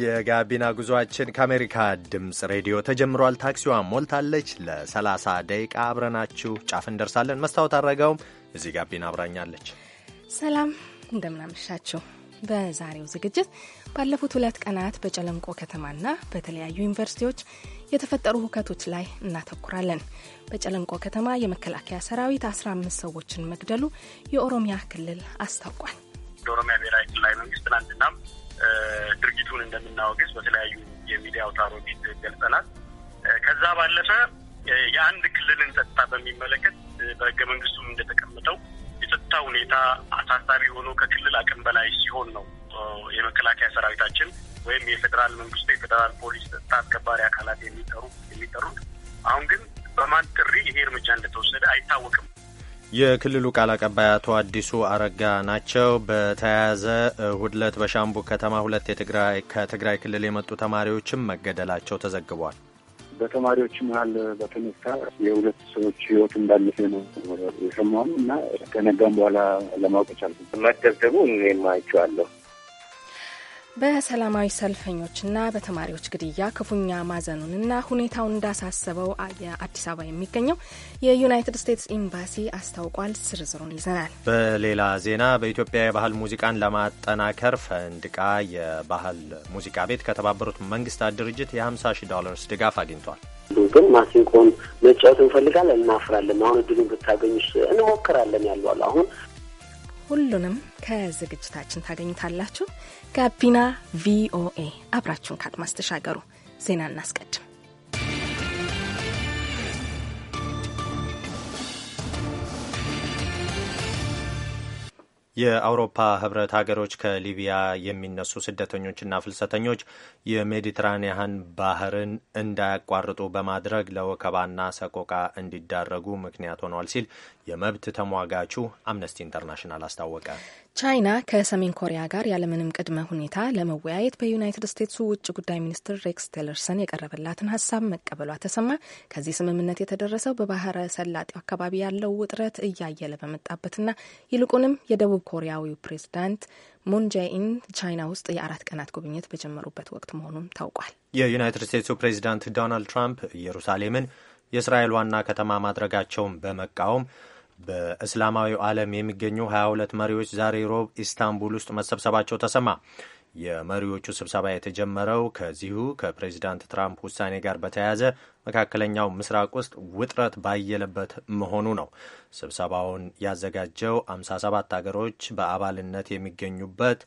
የጋቢና ጉዞአችን ከአሜሪካ ድምፅ ሬዲዮ ተጀምሯል። ታክሲዋ ሞልታለች። ለ30 ደቂቃ አብረናችሁ ጫፍ እንደርሳለን። መስታወት አድረገውም እዚህ ጋቢና አብራኛለች። ሰላም እንደምናመሻችሁ። በዛሬው ዝግጅት ባለፉት ሁለት ቀናት በጨለንቆ ከተማና በተለያዩ ዩኒቨርሲቲዎች የተፈጠሩ ሁከቶች ላይ እናተኩራለን። በጨለንቆ ከተማ የመከላከያ ሰራዊት 15 ሰዎችን መግደሉ የኦሮሚያ ክልል አስታውቋል። የኦሮሚያ ብሔራዊ ክልላዊ መንግስት ትናንትናም ድርጊቱ እንደምናወግዝ በተለያዩ የሚዲያ አውታሮች ገልጸናል። ከዛ ባለፈ የአንድ ክልልን ጸጥታ በሚመለከት በህገ መንግስቱም እንደተቀመጠው የጸጥታ ሁኔታ አሳሳቢ ሆኖ ከክልል አቅም በላይ ሲሆን ነው የመከላከያ ሰራዊታችን ወይም የፌዴራል መንግስቱ የፌዴራል ፖሊስ ጸጥታ አስከባሪ አካላት የሚጠሩ የሚጠሩት። አሁን ግን በማን ጥሪ ይሄ እርምጃ እንደተወሰደ አይታወቅም። የክልሉ ቃል አቀባይ አቶ አዲሱ አረጋ ናቸው። በተያያዘ ሁድለት በሻምቡ ከተማ ሁለት ከትግራይ ክልል የመጡ ተማሪዎችም መገደላቸው ተዘግቧል። በተማሪዎች መሀል በተነሳ የሁለት ሰዎች ህይወት እንዳለፈ ነው የሰማኑ እና ከነጋም በኋላ ለማወቅ ቻልኩ። መደብደቡ እኔም አይቼዋለሁ። በሰላማዊ ሰልፈኞችና በተማሪዎች ግድያ ክፉኛ ማዘኑንና ሁኔታውን እንዳሳሰበው የአዲስ አበባ የሚገኘው የዩናይትድ ስቴትስ ኤምባሲ አስታውቋል። ዝርዝሩን ይዘናል። በሌላ ዜና በኢትዮጵያ የባህል ሙዚቃን ለማጠናከር ፈንድቃ የባህል ሙዚቃ ቤት ከተባበሩት መንግስታት ድርጅት የ50 ሺህ ዶላርስ ድጋፍ አግኝቷል። ግን ማሲንቆን መጫወት እንፈልጋለን፣ እናፍራለን። አሁን እድሉን ብታገኙ እንሞክራለን ያሏል አሁን ሁሉንም ከዝግጅታችን ታገኙታላችሁ። ጋቢና ቪኦኤ አብራችሁን ካድማስ ተሻገሩ። ዜና እናስቀድም። የአውሮፓ ህብረት ሀገሮች ከሊቢያ የሚነሱ ስደተኞችና ፍልሰተኞች የሜዲትራንያን ባህርን እንዳያቋርጡ በማድረግ ለወከባና ሰቆቃ እንዲዳረጉ ምክንያት ሆኗል ሲል የመብት ተሟጋቹ አምነስቲ ኢንተርናሽናል አስታወቀ። ቻይና ከሰሜን ኮሪያ ጋር ያለምንም ቅድመ ሁኔታ ለመወያየት በዩናይትድ ስቴትሱ ውጭ ጉዳይ ሚኒስትር ሬክስ ቴለርሰን የቀረበላትን ሀሳብ መቀበሏ ተሰማ። ከዚህ ስምምነት የተደረሰው በባህረ ሰላጤው አካባቢ ያለው ውጥረት እያየለ በመጣበትና ይልቁንም የደቡብ ኮሪያዊው ፕሬዚዳንት ሙንጃኢን ቻይና ውስጥ የአራት ቀናት ጉብኝት በጀመሩበት ወቅት መሆኑም ታውቋል። የዩናይትድ ስቴትሱ ፕሬዚዳንት ዶናልድ ትራምፕ ኢየሩሳሌምን የእስራኤል ዋና ከተማ ማድረጋቸውን በመቃወም በእስላማዊው ዓለም የሚገኙ 22 መሪዎች ዛሬ ሮብ ኢስታንቡል ውስጥ መሰብሰባቸው ተሰማ። የመሪዎቹ ስብሰባ የተጀመረው ከዚሁ ከፕሬዚዳንት ትራምፕ ውሳኔ ጋር በተያያዘ መካከለኛው ምስራቅ ውስጥ ውጥረት ባየለበት መሆኑ ነው። ስብሰባውን ያዘጋጀው 57 አገሮች በአባልነት የሚገኙበት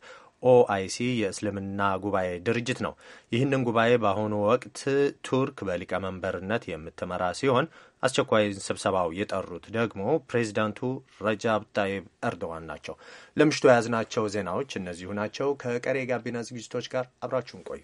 ኦአይሲ የእስልምና ጉባኤ ድርጅት ነው። ይህንን ጉባኤ በአሁኑ ወቅት ቱርክ በሊቀመንበርነት የምትመራ ሲሆን አስቸኳይ ስብሰባው የጠሩት ደግሞ ፕሬዚዳንቱ ረጃብ ጣይብ ኤርዶዋን ናቸው። ለምሽቱ የያዝናቸው ዜናዎች እነዚሁ ናቸው። ከቀሬ የጋቢና ዝግጅቶች ጋር አብራችሁን ቆዩ።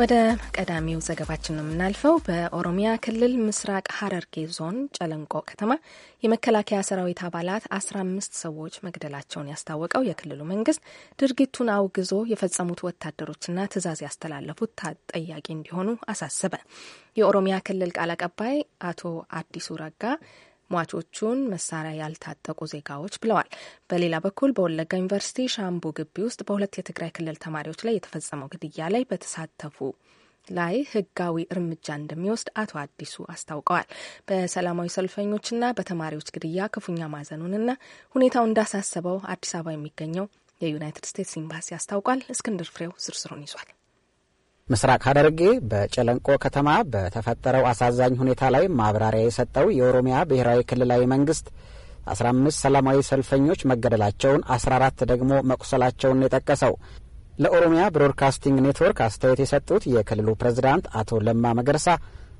ወደ ቀዳሚው ዘገባችን ነው የምናልፈው። በኦሮሚያ ክልል ምስራቅ ሀረርጌ ዞን ጨለንቆ ከተማ የመከላከያ ሰራዊት አባላት አስራ አምስት ሰዎች መግደላቸውን ያስታወቀው የክልሉ መንግስት ድርጊቱን አውግዞ የፈጸሙት ወታደሮችና ትዕዛዝ ያስተላለፉት ተጠያቂ እንዲሆኑ አሳሰበ። የኦሮሚያ ክልል ቃል አቀባይ አቶ አዲሱ ረጋ ሟቾቹን መሳሪያ ያልታጠቁ ዜጋዎች ብለዋል። በሌላ በኩል በወለጋ ዩኒቨርሲቲ ሻምቡ ግቢ ውስጥ በሁለት የትግራይ ክልል ተማሪዎች ላይ የተፈጸመው ግድያ ላይ በተሳተፉ ላይ ህጋዊ እርምጃ እንደሚወስድ አቶ አዲሱ አስታውቀዋል። በሰላማዊ ሰልፈኞችና በተማሪዎች ግድያ ክፉኛ ማዘኑንና ሁኔታው እንዳሳሰበው አዲስ አበባ የሚገኘው የዩናይትድ ስቴትስ ኤምባሲ አስታውቋል። እስክንድር ፍሬው ዝርዝሩን ይዟል። ምስራቅ ሐረርጌ በጨለንቆ ከተማ በተፈጠረው አሳዛኝ ሁኔታ ላይ ማብራሪያ የሰጠው የኦሮሚያ ብሔራዊ ክልላዊ መንግስት 15 ሰላማዊ ሰልፈኞች መገደላቸውን፣ 14 ደግሞ መቁሰላቸውን የጠቀሰው ለኦሮሚያ ብሮድካስቲንግ ኔትወርክ አስተያየት የሰጡት የክልሉ ፕሬዝዳንት አቶ ለማ መገርሳ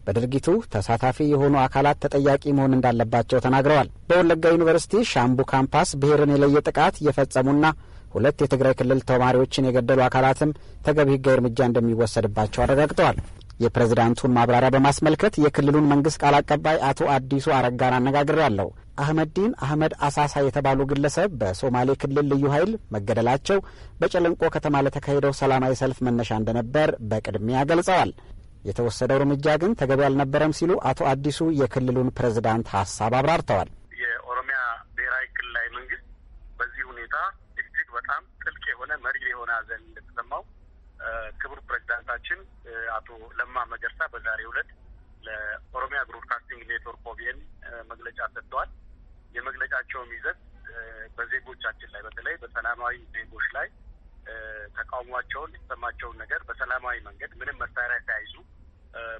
በድርጊቱ ተሳታፊ የሆኑ አካላት ተጠያቂ መሆን እንዳለባቸው ተናግረዋል። በወለጋ ዩኒቨርሲቲ ሻምቡ ካምፓስ ብሔርን የለየ ጥቃት እየፈጸሙና ሁለት የትግራይ ክልል ተማሪዎችን የገደሉ አካላትም ተገቢ ሕጋዊ እርምጃ እንደሚወሰድባቸው አረጋግጠዋል። የፕሬዝዳንቱን ማብራሪያ በማስመልከት የክልሉን መንግስት ቃል አቀባይ አቶ አዲሱ አረጋን አነጋግሬያለሁ። አህመዲን አህመድ አሳሳ የተባሉ ግለሰብ በሶማሌ ክልል ልዩ ኃይል መገደላቸው በጨለንቆ ከተማ ለተካሄደው ሰላማዊ ሰልፍ መነሻ እንደነበር በቅድሚያ ገልጸዋል። የተወሰደው እርምጃ ግን ተገቢ አልነበረም ሲሉ አቶ አዲሱ የክልሉን ፕሬዝዳንት ሀሳብ አብራርተዋል። የሆነ ሀዘን እንደተሰማው ክቡር ፕሬዚዳንታችን አቶ ለማ መገርሳ በዛሬው ዕለት ለኦሮሚያ ብሮድካስቲንግ ኔትወርክ ኦቢኤን መግለጫ ሰጥተዋል። የመግለጫቸውም ይዘት በዜጎቻችን ላይ በተለይ በሰላማዊ ዜጎች ላይ ተቃውሟቸውን የተሰማቸውን ነገር በሰላማዊ መንገድ ምንም መሳሪያ ሳይዙ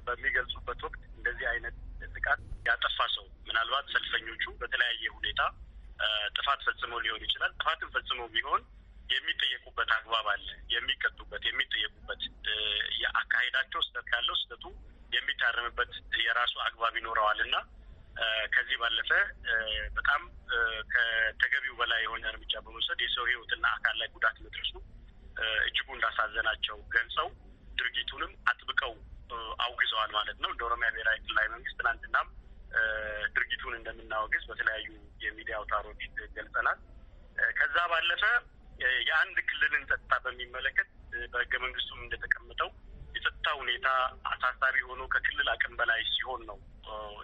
በሚገልጹበት ወቅት እንደዚህ አይነት ጥቃት ያጠፋ ሰው ምናልባት ሰልፈኞቹ በተለያየ ሁኔታ ጥፋት ፈጽሞ ሊሆን ይችላል። ጥፋትም ፈጽሞ ቢሆን የሚጠየቁበት አግባብ አለ። የሚቀጡበት፣ የሚጠየቁበት የአካሄዳቸው ስህተት ካለው ስህተቱ የሚታረምበት የራሱ አግባብ ይኖረዋል እና ከዚህ ባለፈ በጣም ከተገቢው በላይ የሆነ እርምጃ በመውሰድ የሰው ሕይወትና አካል ላይ ጉዳት መድረሱ እጅጉ እንዳሳዘናቸው ገልጸው ድርጊቱንም አጥብቀው አውግዘዋል ማለት ነው። እንደ ኦሮሚያ ብሔራዊ ክልላዊ መንግስት ትናንትናም ድርጊቱን እንደምናወግዝ በተለያዩ የሚዲያ አውታሮች ገልጸናል። ከዛ ባለፈ የአንድ ክልልን ጸጥታ በሚመለከት በህገ መንግስቱም እንደተቀመጠው የጸጥታ ሁኔታ አሳሳቢ ሆኖ ከክልል አቅም በላይ ሲሆን ነው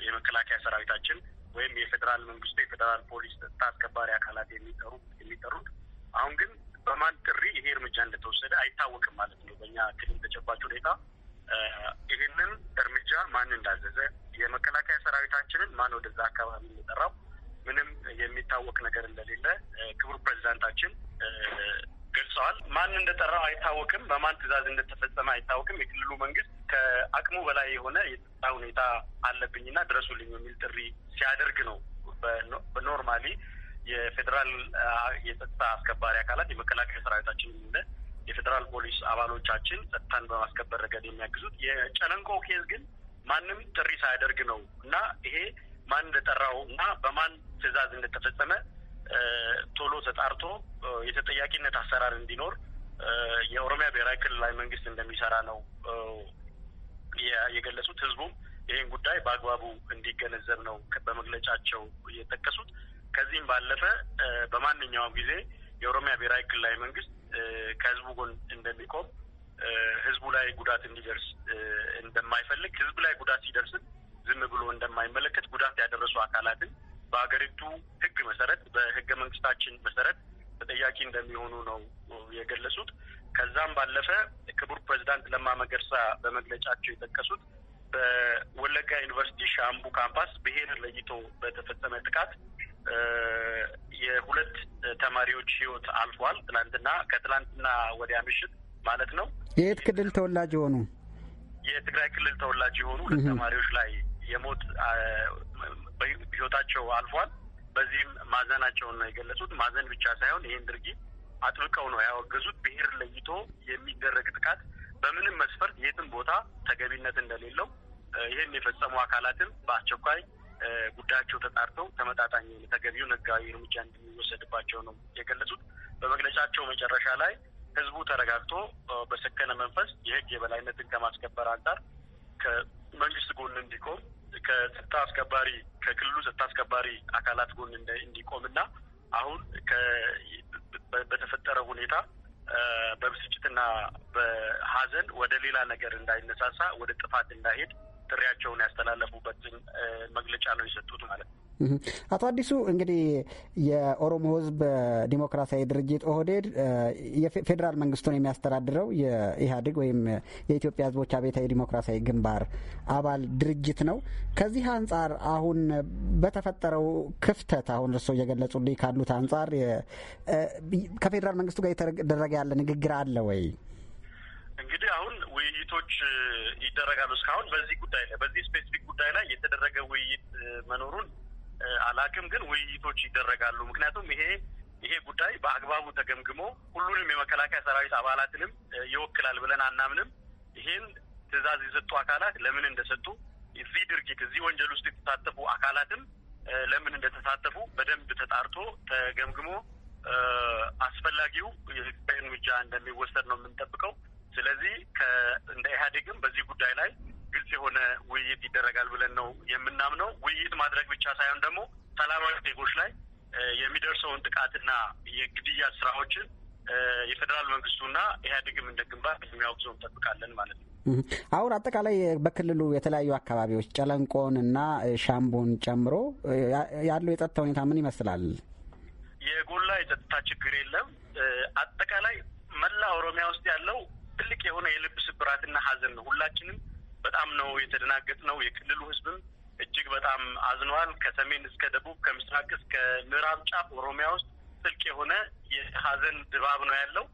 የመከላከያ ሰራዊታችን ወይም የፌዴራል መንግስቱ የፌዴራል ፖሊስ ጸጥታ አስከባሪ አካላት የሚጠሩ የሚጠሩት አሁን ግን በማን ጥሪ ይሄ እርምጃ እንደተወሰደ አይታወቅም ማለት ነው። በእኛ ክልል ተጨባጭ ሁኔታ ይህንን እርምጃ ማን እንዳዘዘ የመከላከያ ሰራዊታችንን ማን ወደዛ አካባቢ የሚጠራው ምንም የሚታወቅ ነገር እንደሌለ ክቡር ፕሬዚዳንታችን ገልጸዋል። ማን እንደጠራው አይታወቅም። በማን ትዕዛዝ እንደተፈጸመ አይታወቅም። የክልሉ መንግስት ከአቅሙ በላይ የሆነ የጸጥታ ሁኔታ አለብኝና ድረሱልኝ የሚል ጥሪ ሲያደርግ ነው በኖርማሊ የፌዴራል የጸጥታ አስከባሪ አካላት የመከላከያ ሰራዊታችን ሆነ የፌዴራል ፖሊስ አባሎቻችን ጸጥታን በማስከበር ረገድ የሚያግዙት። የጨለንቆ ኬዝ ግን ማንም ጥሪ ሳያደርግ ነው እና ይሄ ማን እንደጠራው እና በማን ትዕዛዝ እንደተፈጸመ ቶሎ ተጣርቶ የተጠያቂነት አሰራር እንዲኖር የኦሮሚያ ብሔራዊ ክልላዊ መንግስት እንደሚሰራ ነው የገለጹት። ህዝቡም ይህን ጉዳይ በአግባቡ እንዲገነዘብ ነው በመግለጫቸው የጠቀሱት። ከዚህም ባለፈ በማንኛውም ጊዜ የኦሮሚያ ብሔራዊ ክልላዊ መንግስት ከህዝቡ ጎን እንደሚቆም፣ ህዝቡ ላይ ጉዳት እንዲደርስ እንደማይፈልግ፣ ህዝብ ላይ ጉዳት ሲደርስም ዝም ብሎ እንደማይመለከት ጉዳት ያደረሱ አካላትን በሀገሪቱ ህግ መሰረት በህገ መንግስታችን መሰረት ተጠያቂ እንደሚሆኑ ነው የገለጹት። ከዛም ባለፈ ክቡር ፕሬዚዳንት ለማ መገርሳ በመግለጫቸው የጠቀሱት በወለጋ ዩኒቨርሲቲ ሻምቡ ካምፓስ ብሔር ለይቶ በተፈጸመ ጥቃት የሁለት ተማሪዎች ህይወት አልፏል። ትናንትና ከትላንትና ወዲያ ምሽት ማለት ነው። የየት ክልል ተወላጅ የሆኑ የትግራይ ክልል ተወላጅ የሆኑ ሁለት ተማሪዎች ላይ የሞት ህይወታቸው አልፏል። በዚህም ማዘናቸውን ነው የገለጹት። ማዘን ብቻ ሳይሆን ይህን ድርጊት አጥብቀው ነው ያወገዙት። ብሔር ለይቶ የሚደረግ ጥቃት በምንም መስፈርት የትም ቦታ ተገቢነት እንደሌለው ይህን የፈጸሙ አካላትም በአስቸኳይ ጉዳያቸው ተጣርተው ተመጣጣኝ ተገቢውን ህጋዊ እርምጃ እንደሚወሰድባቸው ነው የገለጹት። በመግለጫቸው መጨረሻ ላይ ህዝቡ ተረጋግቶ በሰከነ መንፈስ የህግ የበላይነትን ከማስከበር አንጻር ከመንግስት ጎን እንዲቆም ከጸጥታ አስከባሪ ከክልሉ ጸጥታ አስከባሪ አካላት ጎን እንዲቆምና አሁን በተፈጠረ ሁኔታ በብስጭትና በሀዘን ወደ ሌላ ነገር እንዳይነሳሳ ወደ ጥፋት እንዳይሄድ ጥሪያቸውን ያስተላለፉበትን መግለጫ ነው የሰጡት ማለት ነው። አቶ አዲሱ እንግዲህ የኦሮሞ ህዝብ ዲሞክራሲያዊ ድርጅት ኦህዴድ የፌዴራል መንግስቱን የሚያስተዳድረው የኢህአዴግ ወይም የኢትዮጵያ ህዝቦች አብዮታዊ ዲሞክራሲያዊ ግንባር አባል ድርጅት ነው። ከዚህ አንጻር አሁን በተፈጠረው ክፍተት አሁን እርስዎ እየገለጹልኝ ካሉት አንጻር ከፌዴራል መንግስቱ ጋር የተደረገ ያለ ንግግር አለ ወይ? እንግዲህ አሁን ውይይቶች ይደረጋሉ። እስካሁን በዚህ ጉዳይ ላይ በዚህ ስፔሲፊክ ጉዳይ ላይ የተደረገ ውይይት መኖሩን አላቅም፣ ግን ውይይቶች ይደረጋሉ። ምክንያቱም ይሄ ይሄ ጉዳይ በአግባቡ ተገምግሞ ሁሉንም የመከላከያ ሰራዊት አባላትንም ይወክላል ብለን አናምንም። ይሄን ትዕዛዝ የሰጡ አካላት ለምን እንደሰጡ እዚህ ድርጊት እዚህ ወንጀል ውስጥ የተሳተፉ አካላትም ለምን እንደተሳተፉ በደንብ ተጣርቶ ተገምግሞ አስፈላጊው የህጋዊ እርምጃ እንደሚወሰድ ነው የምንጠብቀው። ስለዚህ እንደ ኢህአዴግም በዚህ ጉዳይ ላይ ግልጽ የሆነ ውይይት ይደረጋል ብለን ነው የምናምነው። ውይይት ማድረግ ብቻ ሳይሆን ደግሞ ሰላማዊ ዜጎች ላይ የሚደርሰውን ጥቃትና የግድያ ስራዎችን የፌዴራል መንግስቱና ኢህአዴግም እንደ ግንባር የሚያወግዘው እንጠብቃለን ማለት ነው። አሁን አጠቃላይ በክልሉ የተለያዩ አካባቢዎች ጨለንቆን እና ሻምቦን ጨምሮ ያለው የጸጥታ ሁኔታ ምን ይመስላል? የጎላ የጸጥታ ችግር የለም። አጠቃላይ መላ ኦሮሚያ ውስጥ ያለው ትልቅ የሆነ የልብ ስብራትና ሀዘን ነው። ሁላችንም በጣም ነው የተደናገጥ ነው። የክልሉ ህዝብም እጅግ በጣም አዝነዋል። ከሰሜን እስከ ደቡብ፣ ከምስራቅ እስከ ምዕራብ ጫፍ ኦሮሚያ ውስጥ ጥልቅ የሆነ የሀዘን ድባብ ነው ያለው።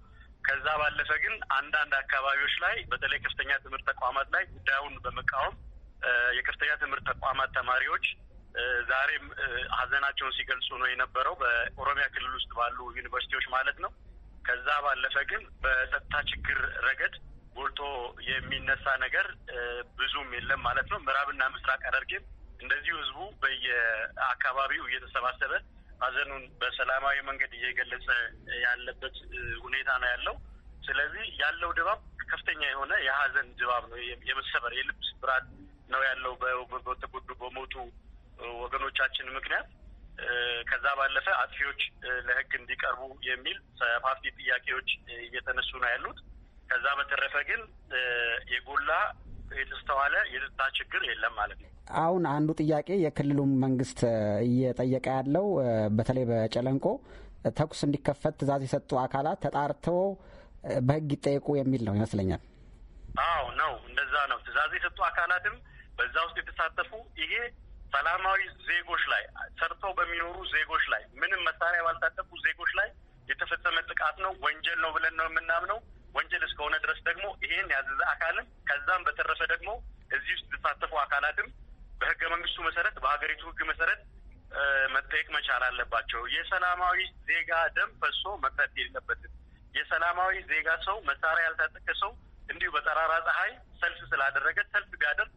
ከዛ ባለፈ ግን አንዳንድ አካባቢዎች ላይ በተለይ ከፍተኛ ትምህርት ተቋማት ላይ ጉዳዩን በመቃወም የከፍተኛ ትምህርት ተቋማት ተማሪዎች ዛሬም ሀዘናቸውን ሲገልጹ ነው የነበረው በኦሮሚያ ክልል ውስጥ ባሉ ዩኒቨርሲቲዎች ማለት ነው። ከዛ ባለፈ ግን በጸጥታ ችግር ረገድ የሚነሳ ነገር ብዙም የለም ማለት ነው። ምዕራብና ምስራቅ ሐረርጌም እንደዚሁ ህዝቡ በየአካባቢው እየተሰባሰበ ሀዘኑን በሰላማዊ መንገድ እየገለጸ ያለበት ሁኔታ ነው ያለው። ስለዚህ ያለው ድባብ ከፍተኛ የሆነ የሀዘን ድባብ ነው፣ የመሰበር የልብ ስብራት ነው ያለው በተጎዱ በሞቱ ወገኖቻችን ምክንያት። ከዛ ባለፈ አጥፊዎች ለህግ እንዲቀርቡ የሚል ፓርቲ ጥያቄዎች እየተነሱ ነው ያሉት። ከዛ በተረፈ ግን የጎላ የተስተዋለ የጸጥታ ችግር የለም ማለት ነው። አሁን አንዱ ጥያቄ የክልሉ መንግስት እየጠየቀ ያለው በተለይ በጨለንቆ ተኩስ እንዲከፈት ትዕዛዝ የሰጡ አካላት ተጣርቶ በህግ ይጠየቁ የሚል ነው ይመስለኛል። አዎ ነው፣ እንደዛ ነው። ትዕዛዝ የሰጡ አካላትም በዛ ውስጥ የተሳተፉ ይሄ ሰላማዊ ዜጎች ላይ ሰርተው በሚኖሩ ዜጎች ላይ ምንም መሳሪያ ባልታጠቁ ዜጎች ላይ የተፈጸመ ጥቃት ነው፣ ወንጀል ነው ብለን ነው የምናምነው። ወንጀል እስከሆነ ድረስ ደግሞ ይሄን ያዘዘ አካልን ከዛም በተረፈ ደግሞ እዚህ ውስጥ የተሳተፉ አካላትም በህገ መንግስቱ መሰረት በሀገሪቱ ህግ መሰረት መጠየቅ መቻል አለባቸው። የሰላማዊ ዜጋ ደም ፈሶ መቅረት የለበትም። የሰላማዊ ዜጋ ሰው መሳሪያ ያልታጠቀ ሰው እንዲሁ በጠራራ ፀሐይ ሰልፍ ስላደረገ ሰልፍ ቢያደርግ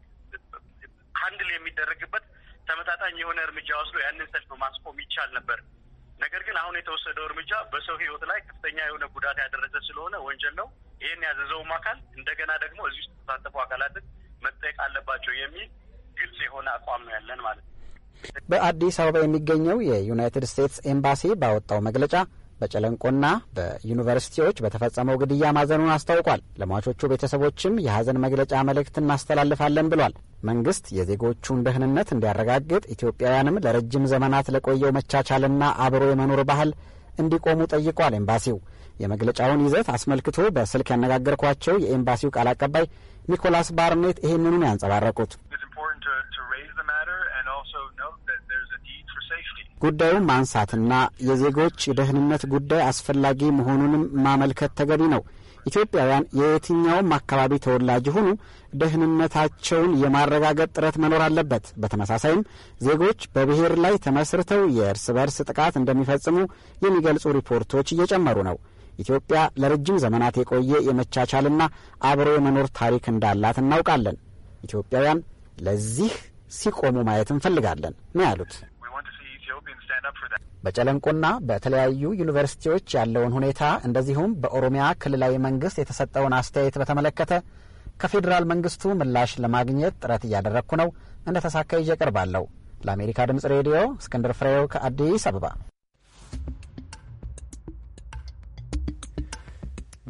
ሀንድል የሚደረግበት ተመጣጣኝ የሆነ እርምጃ ወስዶ ያንን ሰልፍ ማስቆም ይቻል ነበር። ነገር ግን አሁን የተወሰደው እርምጃ በሰው ህይወት ላይ ከፍተኛ የሆነ ጉዳት ያደረሰ ስለሆነ ወንጀል ነው። ይህን ያዘዘውም አካል እንደገና ደግሞ እዚህ ውስጥ የተሳተፉ አካላትን መጠየቅ አለባቸው የሚል ግልጽ የሆነ አቋም ነው ያለን ማለት ነው። በአዲስ አበባ የሚገኘው የዩናይትድ ስቴትስ ኤምባሲ ባወጣው መግለጫ በጨለንቆና በዩኒቨርሲቲዎች በተፈጸመው ግድያ ማዘኑን አስታውቋል። ለሟቾቹ ቤተሰቦችም የሐዘን መግለጫ መልእክት እናስተላልፋለን ብሏል። መንግስት የዜጎቹን ደህንነት እንዲያረጋግጥ፣ ኢትዮጵያውያንም ለረጅም ዘመናት ለቆየው መቻቻልና አብሮ የመኖር ባህል እንዲቆሙ ጠይቋል። ኤምባሲው የመግለጫውን ይዘት አስመልክቶ በስልክ ያነጋገርኳቸው የኤምባሲው ቃል አቀባይ ኒኮላስ ባርኔት ይህንኑን ያንጸባረቁት ጉዳዩን ማንሳትና የዜጎች የደህንነት ጉዳይ አስፈላጊ መሆኑንም ማመልከት ተገቢ ነው። ኢትዮጵያውያን የየትኛውም አካባቢ ተወላጅ ሆኑ ደህንነታቸውን የማረጋገጥ ጥረት መኖር አለበት። በተመሳሳይም ዜጎች በብሔር ላይ ተመስርተው የእርስ በርስ ጥቃት እንደሚፈጽሙ የሚገልጹ ሪፖርቶች እየጨመሩ ነው። ኢትዮጵያ ለረጅም ዘመናት የቆየ የመቻቻልና አብሮ የመኖር ታሪክ እንዳላት እናውቃለን። ኢትዮጵያውያን ለዚህ ሲቆሙ ማየት እንፈልጋለን ነው ያሉት። በጨለንቆና በተለያዩ ዩኒቨርሲቲዎች ያለውን ሁኔታ እንደዚሁም በኦሮሚያ ክልላዊ መንግስት የተሰጠውን አስተያየት በተመለከተ ከፌዴራል መንግስቱ ምላሽ ለማግኘት ጥረት እያደረግኩ ነው። እንደተሳካ ይዤ ለአሜሪካ ድምጽ ሬዲዮ እስክንድር ፍሬው ከአዲስ አበባ።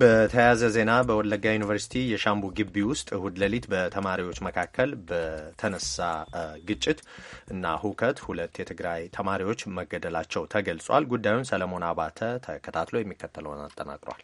በተያያዘ ዜና በወለጋ ዩኒቨርሲቲ የሻምቡ ግቢ ውስጥ እሁድ ሌሊት በተማሪዎች መካከል በተነሳ ግጭት እና ሁከት ሁለት የትግራይ ተማሪዎች መገደላቸው ተገልጿል። ጉዳዩን ሰለሞን አባተ ተከታትሎ የሚከተለውን አጠናቅሯል።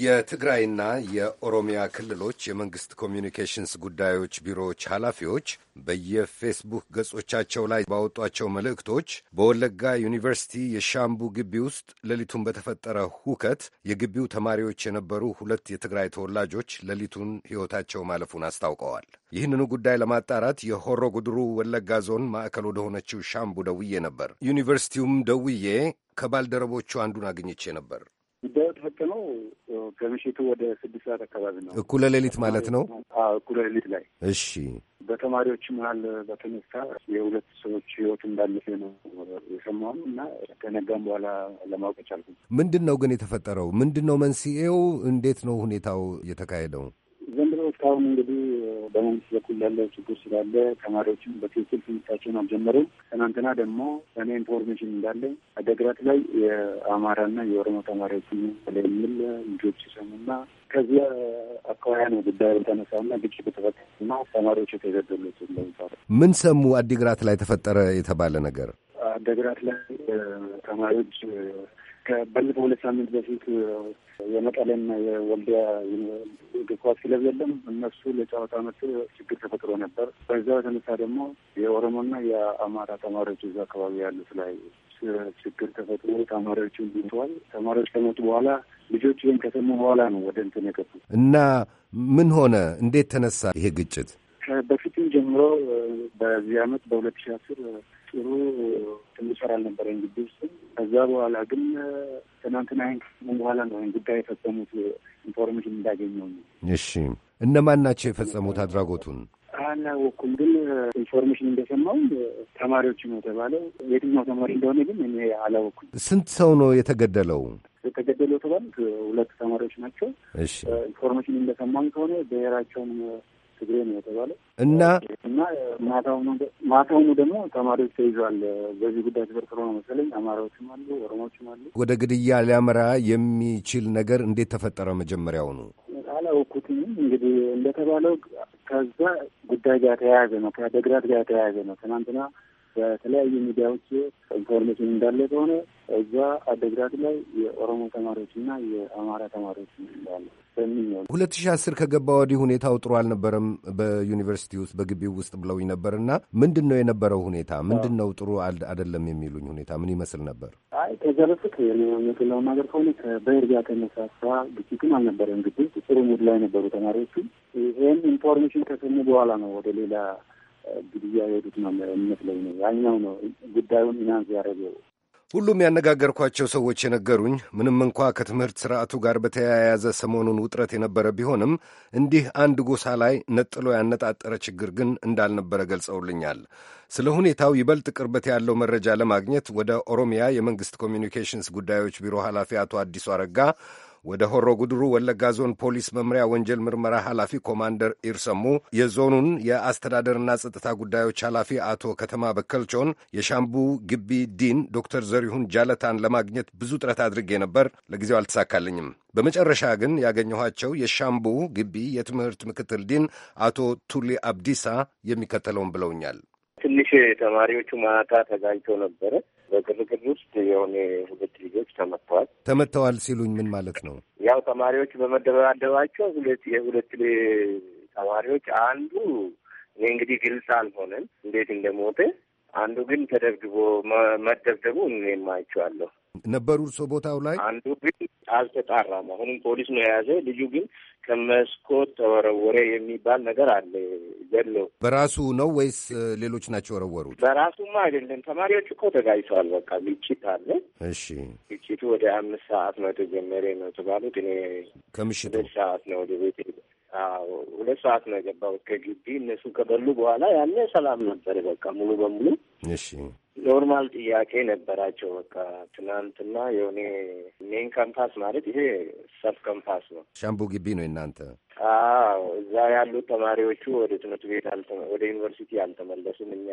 የትግራይና የኦሮሚያ ክልሎች የመንግሥት ኮሚኒኬሽንስ ጉዳዮች ቢሮዎች ኃላፊዎች በየፌስቡክ ገጾቻቸው ላይ ባወጧቸው መልእክቶች በወለጋ ዩኒቨርሲቲ የሻምቡ ግቢ ውስጥ ሌሊቱን በተፈጠረ ሁከት የግቢው ተማሪዎች የነበሩ ሁለት የትግራይ ተወላጆች ሌሊቱን ሕይወታቸው ማለፉን አስታውቀዋል። ይህንኑ ጉዳይ ለማጣራት የሆሮ ጉድሩ ወለጋ ዞን ማዕከል ወደሆነችው ሻምቡ ደውዬ ነበር። ዩኒቨርሲቲውም ደውዬ ከባልደረቦቹ አንዱን አግኝቼ ነበር። ጉዳዩ ትክክ ነው። ከምሽቱ ወደ ስድስት ሰዓት አካባቢ ነው፣ እኩለ ሌሊት ማለት ነው። እኩለ ሌሊት ላይ እሺ። በተማሪዎች መሀል በተነሳ የሁለት ሰዎች ህይወት እንዳለፈ ነው የሰማሁም እና ከነጋም በኋላ ለማወቅ ቻልኩ። ምንድን ነው ግን የተፈጠረው? ምንድን ነው መንስኤው? እንዴት ነው ሁኔታው እየተካሄደው? ዘንድሮ እስካሁን እንግዲህ በመንግስት በኩል ያለው ችግር ስላለ ተማሪዎችም በትክክል ትምህርታቸውን አልጀመሩም። ትናንትና ደግሞ እኔ ኢንፎርሜሽን እንዳለ አደግራት ላይ የአማራና የኦሮሞ ተማሪዎች የሚል ልጆች ሲሰሙና ከዚያ አካባቢ ነው ጉዳዩ የተነሳውና ግጭት የተፈጠረና ተማሪዎች የተገደሉት። ምን ሰሙ? አዲግራት ላይ ተፈጠረ የተባለ ነገር አደግራት ላይ ተማሪዎች ባለፈው ሁለት ሳምንት በፊት የመቀሌና የወልዲያ እግር ኳስ ክለብ የለም እነሱ ለጨዋታ መጡ። ችግር ተፈጥሮ ነበር። በዛ የተነሳ ደግሞ የኦሮሞና የአማራ ተማሪዎች እዛ አካባቢ ያሉት ላይ ችግር ተፈጥሮ ተማሪዎች ቢተዋል። ተማሪዎች ከመጡ በኋላ ልጆች ይህን ከሰሙ በኋላ ነው ወደ እንትን የገቡ እና ምን ሆነ? እንዴት ተነሳ ይሄ ግጭት? በፊትም ጀምሮ በዚህ አመት በሁለት ሺህ አስር ጥሩ ትንሰራ አልነበረ ግቢ ውስጥ። ከዛ በኋላ ግን ትናንትና ይህን በኋላ ነው ይህን ጉዳይ የፈጸሙት ኢንፎርሜሽን እንዳገኘው። እሺ እነማን ናቸው የፈጸሙት አድራጎቱን? አላወቅኩም፣ ግን ኢንፎርሜሽን እንደሰማው ተማሪዎች ነው የተባለው። የትኛው ተማሪ እንደሆነ ግን እኔ አላወቅኩም። ስንት ሰው ነው የተገደለው? የተገደለው የተባሉት ሁለት ተማሪዎች ናቸው። ኢንፎርሜሽን እንደሰማኝ ከሆነ ብሔራቸውን ትግሬ ነው የተባለ እና እና ማታውኑ ደግሞ ተማሪዎች ተይዟል። በዚህ ጉዳይ ተበርክሮ ነው መሰለኝ አማራዎችም አሉ፣ ኦሮሞዎችም አሉ። ወደ ግድያ ሊያመራ የሚችል ነገር እንዴት ተፈጠረ? መጀመሪያውኑ አላወኩትም። እንግዲህ እንደተባለው ከዛ ጉዳይ ጋር ተያያዘ ነው፣ ከደግራት ጋር ተያያዘ ነው። ትናንትና በተለያዩ ሚዲያዎች ኢንፎርሜሽን እንዳለ ከሆነ እዛ አደግራት ላይ የኦሮሞ ተማሪዎችና የአማራ ተማሪዎች እንዳለ በሚኛው ሁለት ሺህ አስር ከገባ ወዲህ ሁኔታው ጥሩ አልነበረም። በዩኒቨርሲቲ ውስጥ በግቢው ውስጥ ብለውኝ ነበር እና ምንድን ነው የነበረው ሁኔታ ምንድን ነው ጥሩ አይደለም የሚሉኝ ሁኔታ ምን ይመስል ነበር? አይ ከዛ በፊት የምትለው ነገር ከሆነ ከብሔር ከነሳሳ ግጭትም አልነበረም። ግቢ ጥሩ ሙድ ላይ ነበሩ ተማሪዎቹ። ይህን ኢንፎርሜሽን ከሰሙ በኋላ ነው ወደ ሌላ ግድያ የሄዱት ነው የሚመስለኝ ነው። ያኛው ነው ጉዳዩን ኢናንስ ያደረገው። ሁሉም ያነጋገርኳቸው ሰዎች የነገሩኝ ምንም እንኳ ከትምህርት ስርዓቱ ጋር በተያያዘ ሰሞኑን ውጥረት የነበረ ቢሆንም እንዲህ አንድ ጎሳ ላይ ነጥሎ ያነጣጠረ ችግር ግን እንዳልነበረ ገልጸውልኛል። ስለ ሁኔታው ይበልጥ ቅርበት ያለው መረጃ ለማግኘት ወደ ኦሮሚያ የመንግስት ኮሚኒኬሽንስ ጉዳዮች ቢሮ ኃላፊ አቶ አዲሱ አረጋ ወደ ሆሮ ጉድሩ ወለጋ ዞን ፖሊስ መምሪያ ወንጀል ምርመራ ኃላፊ ኮማንደር ኢርሰሙ፣ የዞኑን የአስተዳደርና ጸጥታ ጉዳዮች ኃላፊ አቶ ከተማ በከልቾን፣ የሻምቡ ግቢ ዲን ዶክተር ዘሪሁን ጃለታን ለማግኘት ብዙ ጥረት አድርጌ ነበር። ለጊዜው አልተሳካልኝም። በመጨረሻ ግን ያገኘኋቸው የሻምቡ ግቢ የትምህርት ምክትል ዲን አቶ ቱሊ አብዲሳ የሚከተለውን ብለውኛል። ትንሽ ተማሪዎቹ ማታ ተጋጭተው ነበረ። በግርግር ውስጥ የሆነ ሁለት ልጆች ተመተዋል። ተመተዋል ሲሉኝ ምን ማለት ነው? ያው ተማሪዎች በመደባደባቸው ሁለት የሁለት ተማሪዎች አንዱ እኔ እንግዲህ ግልጽ አልሆነም እንዴት እንደሞተ አንዱ ግን ተደብድቦ መደብደቡ እኔም አይቼዋለሁ። ነበሩ? እርሶ ቦታው ላይ አንዱ ግን አልተጣራም። አሁንም ፖሊስ ነው የያዘ። ልጁ ግን ከመስኮት ተወረወረ የሚባል ነገር አለ። ዘለው በራሱ ነው ወይስ ሌሎች ናቸው ወረወሩት? በራሱማ አይደለም። ተማሪዎች እኮ ተጋይተዋል። በቃ ግጭት አለ። እሺ፣ ግጭቱ ወደ አምስት ሰዓት ነው የተጀመረ ነው የተባሉት። እኔ ከምሽት ሰዓት ነው ወደ ቤት ሁለት ሰዓት ነው የገባሁት ከግቢ። እነሱ ከበሉ በኋላ ያለ ሰላም ነበር በቃ ሙሉ በሙሉ እሺ ኖርማል ጥያቄ ነበራቸው። በቃ ትናንትና የሆኔ ሜን ካምፓስ ማለት ይሄ ሰብ ካምፓስ ነው። ሻምቡ ግቢ ነው እናንተ። አዎ እዛ ያሉት ተማሪዎቹ ወደ ትምህርት ቤት ወደ ዩኒቨርሲቲ አልተመለሱም። እኛ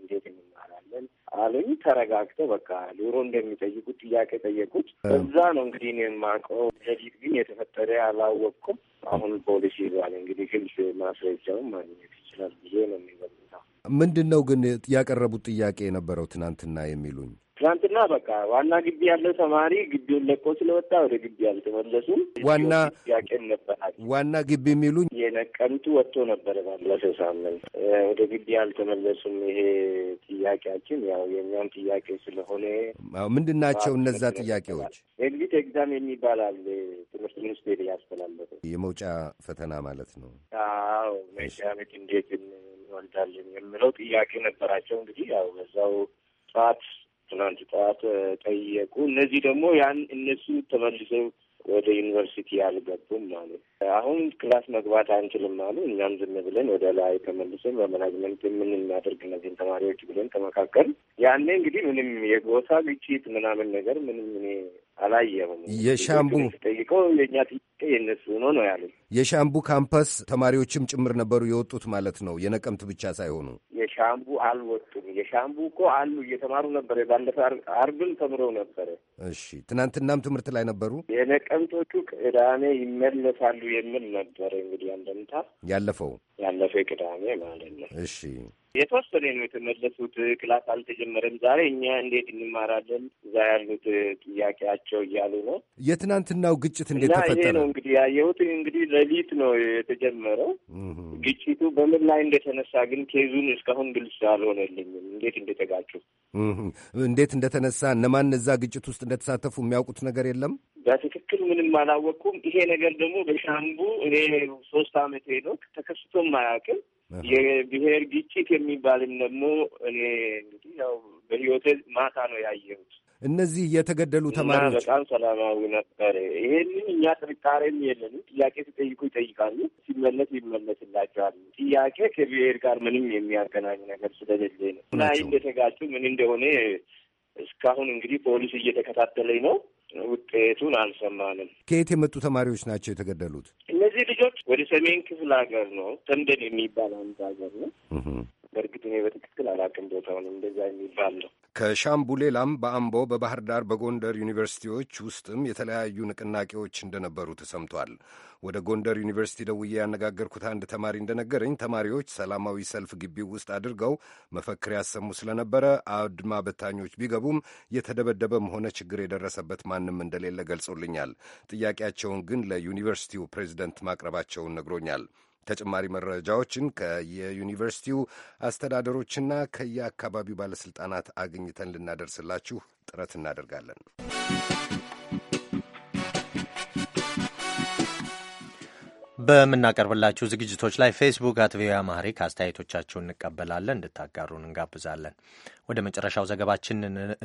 እንዴት እንማራለን አሉኝ። ተረጋግተው በቃ ዶሮ እንደሚጠይቁት ጥያቄ ጠየቁት። እዛ ነው እንግዲህ እኔ የማውቀው። ሌሊት ግን የተፈጠረ አላወቅኩም። አሁን ፖሊስ ይዟል እንግዲህ ግልጽ ማስረጃውን ማግኘት ይችላል ብዬ ነው የሚበልጣው ምንድን ነው ግን ያቀረቡት ጥያቄ የነበረው ትናንትና የሚሉኝ ትናንትና በቃ ዋና ግቢ ያለው ተማሪ ግቢውን ለቆ ስለወጣ ወደ ግቢ አልተመለሱም። ዋና ጥያቄን ነበራል። ዋና ግቢ የሚሉኝ የነቀምቱ ወጥቶ ነበረ ባለፈው ሳምንት ወደ ግቢ አልተመለሱም። ይሄ ጥያቄያችን ያው የእኛም ጥያቄ ስለሆነ ምንድን ናቸው እነዛ ጥያቄዎች? ኤግዚት ኤግዛም የሚባል አለ ትምህርት ሚኒስቴር ያስተላለፈ የመውጫ ፈተና ማለት ነው። አዎ መሻመት እንዴት እንወልዳለን የሚለው ጥያቄ ነበራቸው። እንግዲህ ያው በዛው ጠዋት ትናንት ጠዋት ጠየቁ። እነዚህ ደግሞ ያን እነሱ ተመልሰው ወደ ዩኒቨርሲቲ አልገቡም አሉ። አሁን ክላስ መግባት አንችልም አሉ። እኛም ዝም ብለን ወደ ላይ ተመልሰን በመናጅመንት ምን እናደርግ እነዚህን ተማሪዎች ብለን ተመካከል። ያኔ እንግዲህ ምንም የጎሳ ግጭት ምናምን ነገር ምንም እኔ የሻምቡ ጠይቀው የእኛ ጥያቄ የእነሱ ሆኖ ነው ያሉ። የሻምቡ ካምፐስ ተማሪዎችም ጭምር ነበሩ የወጡት ማለት ነው፣ የነቀምት ብቻ ሳይሆኑ። የሻምቡ አልወጡም። የሻምቡ እኮ አሉ እየተማሩ ነበረ። ባለፈ አርብም ተምረው ነበረ። እሺ፣ ትናንትናም ትምህርት ላይ ነበሩ። የነቀምቶቹ ቅዳሜ ይመለሳሉ የሚል ነበረ። እንግዲህ አንደምታ ያለፈው ያለፈ ቅዳሜ ማለት ነው። እሺ የተወሰነ ነው የተመለሱት። ክላስ አልተጀመረም ዛሬ። እኛ እንዴት እንማራለን? እዛ ያሉት ጥያቄያቸው እያሉ ነው። የትናንትናው ግጭት እንዴት ተፈጠረ? ይሄ ነው እንግዲህ ያየሁት። እንግዲህ ሌሊት ነው የተጀመረው ግጭቱ። በምን ላይ እንደተነሳ ግን ኬዙን እስካሁን ግልጽ አልሆነልኝም፣ እንዴት እንደተጋጩ፣ እንዴት እንደተነሳ፣ እነማን እዛ ግጭት ውስጥ እንደተሳተፉ የሚያውቁት ነገር የለም። በትክክል ምንም አላወቅኩም። ይሄ ነገር ደግሞ በሻምቡ እኔ ሶስት አመት ሄዶክ ተከስቶም አያውቅም። የብሔር ግጭት የሚባልም ደግሞ እኔ እንግዲህ ያው በህይወቴ ማታ ነው ያየሁት። እነዚህ የተገደሉ ተማሪዎች በጣም ሰላማዊ ነበር። ይሄንን እኛ ጥርጣሬም የለንም። ጥያቄ ሲጠይቁ ይጠይቃሉ፣ ሲመለስ ይመለስላቸዋል። ጥያቄ ከብሔር ጋር ምንም የሚያገናኝ ነገር ስለሌለ ነው እና እንደተጋጩ ምን እንደሆነ እስካሁን እንግዲህ ፖሊስ እየተከታተለኝ ነው። ውጤቱን አልሰማንም። ከየት የመጡ ተማሪዎች ናቸው የተገደሉት? እነዚህ ልጆች ወደ ሰሜን ክፍል ሀገር ነው ተምደን የሚባል አንድ ሀገር ነው። በእርግጥ እኔ በትክክል አላውቅም ቦታውን፣ እንደዛ የሚባል ነው ከሻምቡ ሌላም በአምቦ በባህር ዳር በጎንደር ዩኒቨርሲቲዎች ውስጥም የተለያዩ ንቅናቄዎች እንደነበሩ ተሰምቷል። ወደ ጎንደር ዩኒቨርሲቲ ደውዬ ያነጋገርኩት አንድ ተማሪ እንደነገረኝ ተማሪዎች ሰላማዊ ሰልፍ ግቢ ውስጥ አድርገው መፈክር ያሰሙ ስለነበረ አድማ በታኞች ቢገቡም የተደበደበም ሆነ ችግር የደረሰበት ማንም እንደሌለ ገልጾልኛል። ጥያቄያቸውን ግን ለዩኒቨርሲቲው ፕሬዚደንት ማቅረባቸውን ነግሮኛል። ተጨማሪ መረጃዎችን ከየዩኒቨርሲቲው አስተዳደሮችና ከየአካባቢው ባለሥልጣናት አግኝተን ልናደርስላችሁ ጥረት እናደርጋለን። በምናቀርብላችሁ ዝግጅቶች ላይ ፌስቡክ አት ቪኦኤ አማሪክ አስተያየቶቻችሁን እንቀበላለን፣ እንድታጋሩን እንጋብዛለን። ወደ መጨረሻው ዘገባችን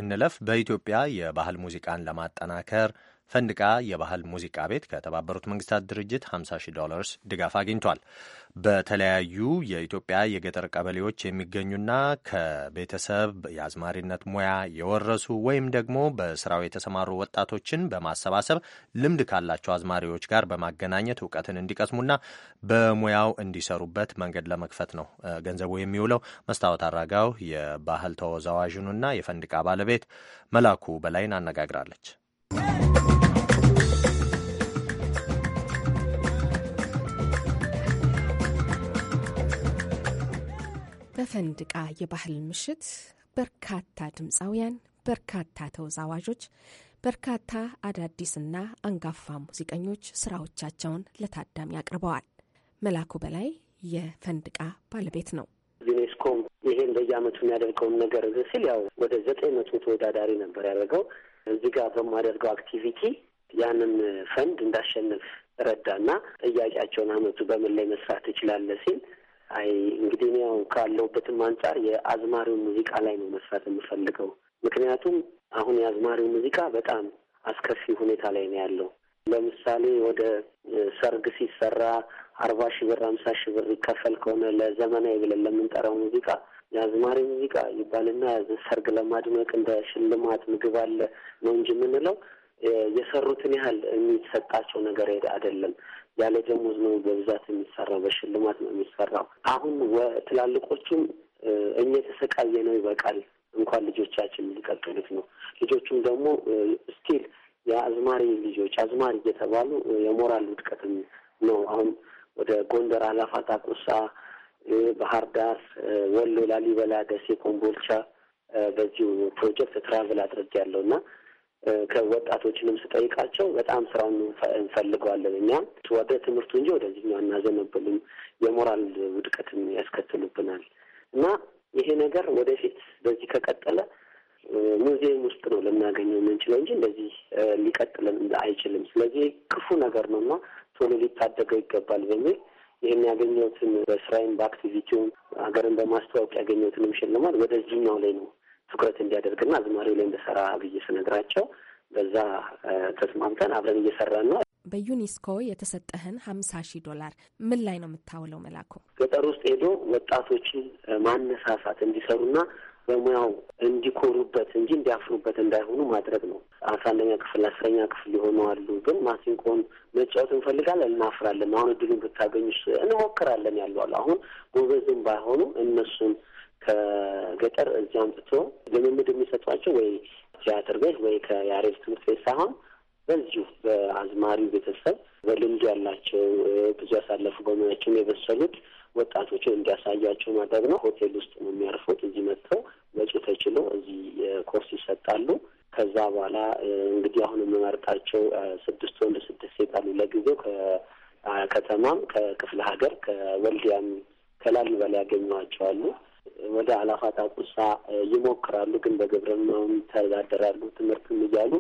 እንለፍ። በኢትዮጵያ የባህል ሙዚቃን ለማጠናከር ፈንድቃ የባህል ሙዚቃ ቤት ከተባበሩት መንግስታት ድርጅት 50 ሺህ ዶላርስ ድጋፍ አግኝቷል። በተለያዩ የኢትዮጵያ የገጠር ቀበሌዎች የሚገኙና ከቤተሰብ የአዝማሪነት ሙያ የወረሱ ወይም ደግሞ በስራው የተሰማሩ ወጣቶችን በማሰባሰብ ልምድ ካላቸው አዝማሪዎች ጋር በማገናኘት እውቀትን እንዲቀስሙና በሙያው እንዲሰሩበት መንገድ ለመክፈት ነው ገንዘቡ የሚውለው። መስታወት አራጋው የባህል ተወዛዋዥኑና የፈንድቃ ባለቤት መላኩ በላይን አነጋግራለች። በፈንድቃ የባህል ምሽት በርካታ ድምፃውያን፣ በርካታ ተወዛዋዦች፣ በርካታ አዳዲስና አንጋፋ ሙዚቀኞች ስራዎቻቸውን ለታዳሚ አቅርበዋል። መላኩ በላይ የፈንድቃ ባለቤት ነው። ዩኔስኮም ይሄን በየአመቱ የሚያደርገውን ነገር ሲል ያው ወደ ዘጠኝ መቶ ተወዳዳሪ ነበር ያደርገው። እዚህ ጋር በማደርገው አክቲቪቲ ያንን ፈንድ እንዳሸንፍ ረዳና ጥያቄያቸውን አመቱ በምን ላይ መስራት ትችላለህ ሲል አይ እንግዲህ ያው ካለሁበትም አንጻር የአዝማሪውን ሙዚቃ ላይ ነው መስራት የምፈልገው። ምክንያቱም አሁን የአዝማሪው ሙዚቃ በጣም አስከፊ ሁኔታ ላይ ነው ያለው። ለምሳሌ ወደ ሰርግ ሲሰራ አርባ ሺ ብር አምሳ ሺ ብር ይከፈል ከሆነ ለዘመናዊ ብለን ለምንጠራው ሙዚቃ የአዝማሪ ሙዚቃ ይባልና ሰርግ ለማድመቅ እንደ ሽልማት ምግብ አለ ነው እንጂ የምንለው የሰሩትን ያህል የሚሰጣቸው ነገር አይደለም። ያለ ደሞዝ ነው በብዛት የሚሰራው፣ በሽልማት ነው የሚሰራው። አሁን ትላልቆቹም እኛ የተሰቃየ ነው ይበቃል፣ እንኳን ልጆቻችን የሚቀጥሉት ነው። ልጆቹም ደግሞ ስቲል የአዝማሪ ልጆች አዝማሪ እየተባሉ የሞራል ውድቀትም ነው። አሁን ወደ ጎንደር፣ አላፋት፣ አቁሳ፣ ባህር ዳር፣ ወሎ፣ ላሊበላ፣ ደሴ፣ ኮምቦልቻ በዚሁ ፕሮጀክት ትራቭል አድርጌያለሁ እና ከወጣቶችንም ስጠይቃቸው በጣም ስራውን እንፈልገዋለን እኛ ወደ ትምህርቱ እንጂ ወደዚህኛው እናዘነብልም፣ የሞራል ውድቀትን ያስከትሉብናል እና ይሄ ነገር ወደፊት በዚህ ከቀጠለ ሙዚየም ውስጥ ነው ልናገኘው የምንችለው እንጂ እንደዚህ ሊቀጥልን አይችልም። ስለዚህ ክፉ ነገር ነው እና ቶሎ ሊታደገው ይገባል በሚል ይህን ያገኘሁትን በስራዬም በአክቲቪቲውም ሀገርን በማስተዋወቅ ያገኘሁትንም ሽልማት ወደዚህኛው ላይ ነው ትኩረት እንዲያደርግና አዝማሪው ላይ እንደሰራ ብዬ ስነግራቸው በዛ ተስማምተን አብረን እየሰራን ነው። በዩኔስኮ የተሰጠህን ሀምሳ ሺህ ዶላር ምን ላይ ነው የምታውለው? መላኩ ገጠር ውስጥ ሄዶ ወጣቶችን ማነሳሳት እንዲሰሩና በሙያው እንዲኮሩበት እንጂ እንዲያፍሩበት እንዳይሆኑ ማድረግ ነው። አስራ አንደኛ ክፍል አስረኛ ክፍል የሆኑ አሉ፣ ግን ማሲንቆን መጫወት እንፈልጋለን፣ እናፍራለን። አሁን እድሉን ብታገኙ እንሞክራለን ያሉ አሉ። አሁን ጎበዝም ባይሆኑ እነሱን ከገጠር እዚህ አምጥቶ ልምምድ የሚሰጧቸው ወይ ቲያትር ቤት ወይ ከያሬድ ትምህርት ቤት ሳይሆን በዚሁ በአዝማሪው ቤተሰብ በልምድ ያላቸው ብዙ ያሳለፉ በሙያቸውም የበሰሉት ወጣቶችን እንዲያሳያቸው ማድረግ ነው። ሆቴል ውስጥ ነው የሚያርፉት። እዚህ መጥተው ወጪ ተችሎ እዚህ ኮርስ ይሰጣሉ። ከዛ በኋላ እንግዲህ አሁን የምመርጣቸው ስድስት ወንድ ስድስት ሴት አሉ። ለጊዜው ከከተማም ከክፍለ ሀገር ከወልዲያም ከላሊበላ ያገኘዋቸዋሉ። ወደ አላፋት አቁሳ ይሞክራሉ፣ ግን በግብርናውም ይተዳደራሉ፣ ትምህርትም እያሉ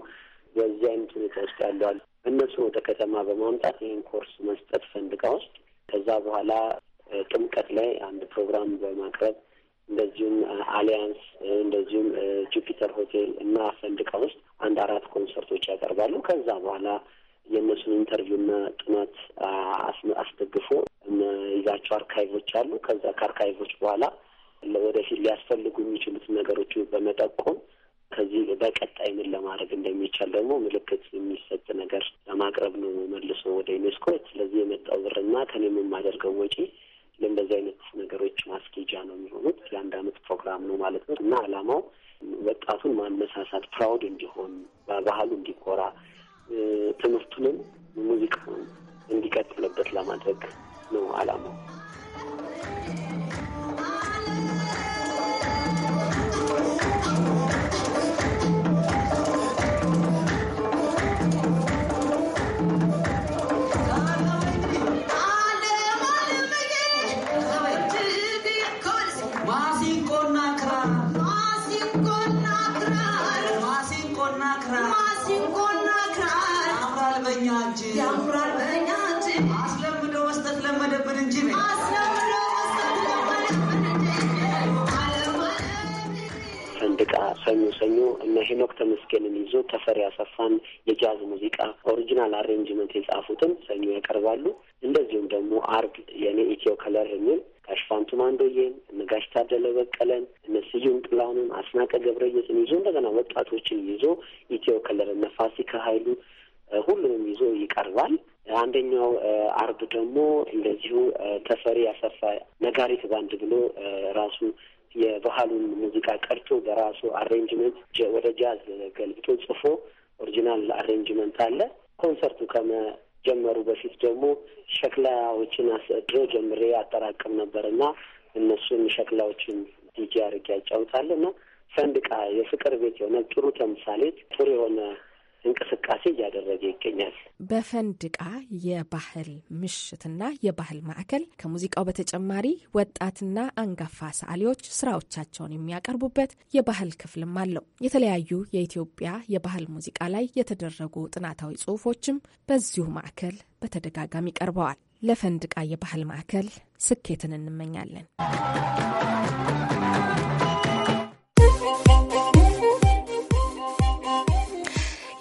በዚህ አይነት ሁኔታ ውስጥ ያለዋል። እነሱ ወደ ከተማ በማምጣት ይህን ኮርስ መስጠት ፈንድቃ ውስጥ ከዛ በኋላ ጥምቀት ላይ አንድ ፕሮግራም በማቅረብ እንደዚሁም አሊያንስ እንደዚሁም ጁፒተር ሆቴል እና ፈንድቃ ውስጥ አንድ አራት ኮንሰርቶች ያቀርባሉ። ከዛ በኋላ የእነሱን ኢንተርቪውና ጥናት አስደግፎ ይዛቸው አርካይቮች አሉ። ከዛ ከአርካይቮች በኋላ ወደፊት ሊያስፈልጉ የሚችሉት ነገሮች በመጠቆም ከዚህ በቀጣይ ምን ለማድረግ እንደሚቻል ደግሞ ምልክት የሚሰጥ ነገር ለማቅረብ ነው መልሶ ወደ ዩኔስኮ። ስለዚህ የመጣው ብርና ከኔም የማደርገው ወጪ ለእንደዚህ አይነት ነገሮች ማስኬጃ ነው የሚሆኑት። የአንድ አመት ፕሮግራም ነው ማለት ነው እና አላማው ወጣቱን ማነሳሳት፣ ፕራውድ እንዲሆን፣ በባህሉ እንዲኮራ፣ ትምህርቱንም ሙዚቃ እንዲቀጥልበት ለማድረግ ነው አላማው። በእኛ እጅ ያምራል በእኛ እጅ አስለምደው መስጠት ለመደብን እንጂ ሰንድቃ ሰኞ ሰኞ እነ ሄኖክ ተመስገንን ይዞ ተፈሪ አሰፋን የጃዝ ሙዚቃ ኦሪጂናል አሬንጅመንት የጻፉትን ሰኞ ያቀርባሉ። እንደዚሁም ደግሞ አርብ የኔ ኢትዮ ከለር የሚል ጋሽፋንቱ ማንዶዬን እነ ጋሽ ታደለ በቀለን እነ ስዩም ጥላሁንን አስናቀ ገብረየትን ይዞ እንደገና ወጣቶችን ይዞ ኢትዮ ከለር እነ ፋሲካ ኃይሉ ሁሉንም ይዞ ይቀርባል። አንደኛው አርብ ደግሞ እንደዚሁ ተፈሪ አሰፋ ነጋሪት ባንድ ብሎ ራሱ የባህሉን ሙዚቃ ቀርቶ በራሱ አሬንጅመንት ወደ ጃዝ ገልብጦ ጽፎ ኦሪጂናል አሬንጅመንት አለ። ኮንሰርቱ ከመጀመሩ በፊት ደግሞ ሸክላዎችን ድሮ ጀምሬ አጠራቅም ነበር እና እነሱን ሸክላዎችን ዲጂ አድርጌ ያጫውታል እና ሰንድቃ የፍቅር ቤት የሆነ ጥሩ ተምሳሌት ጥሩ የሆነ እንቅስቃሴ እያደረገ ይገኛል። በፈንድቃ የባህል ምሽትና የባህል ማዕከል ከሙዚቃው በተጨማሪ ወጣትና አንጋፋ ሰዓሊዎች ስራዎቻቸውን የሚያቀርቡበት የባህል ክፍልም አለው። የተለያዩ የኢትዮጵያ የባህል ሙዚቃ ላይ የተደረጉ ጥናታዊ ጽሁፎችም በዚሁ ማዕከል በተደጋጋሚ ቀርበዋል። ለፈንድቃ የባህል ማዕከል ስኬትን እንመኛለን።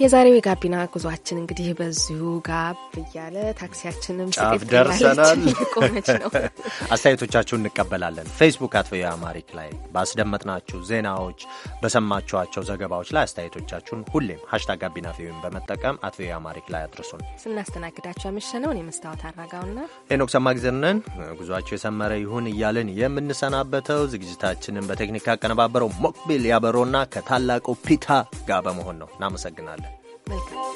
የዛሬው የጋቢና ጉዟችን እንግዲህ በዚሁ ጋብ እያለ ታክሲያችንም ጫፍ ደርሰናል። አስተያየቶቻችሁን እንቀበላለን። ፌስቡክ አት ቪኦኤ አማሪክ ላይ ባስደመጥናችሁ ዜናዎች፣ በሰማችኋቸው ዘገባዎች ላይ አስተያየቶቻችሁን ሁሌም ሀሽታግ ጋቢና ቪኦኤን በመጠቀም አት ቪኦኤ አማሪክ ላይ አድርሱን። ስናስተናግዳችሁ ያመሸነውን የመስታወት አራጋውና ሄኖክ ሰማግዘርነን ጉዟቸው የሰመረ ይሁን እያልን የምንሰናበተው ዝግጅታችንን በቴክኒክ ያቀነባበረው ሞክቢል ያበሮና ከታላቁ ፒታ ጋር በመሆን ነው። እናመሰግናለን። Welcome.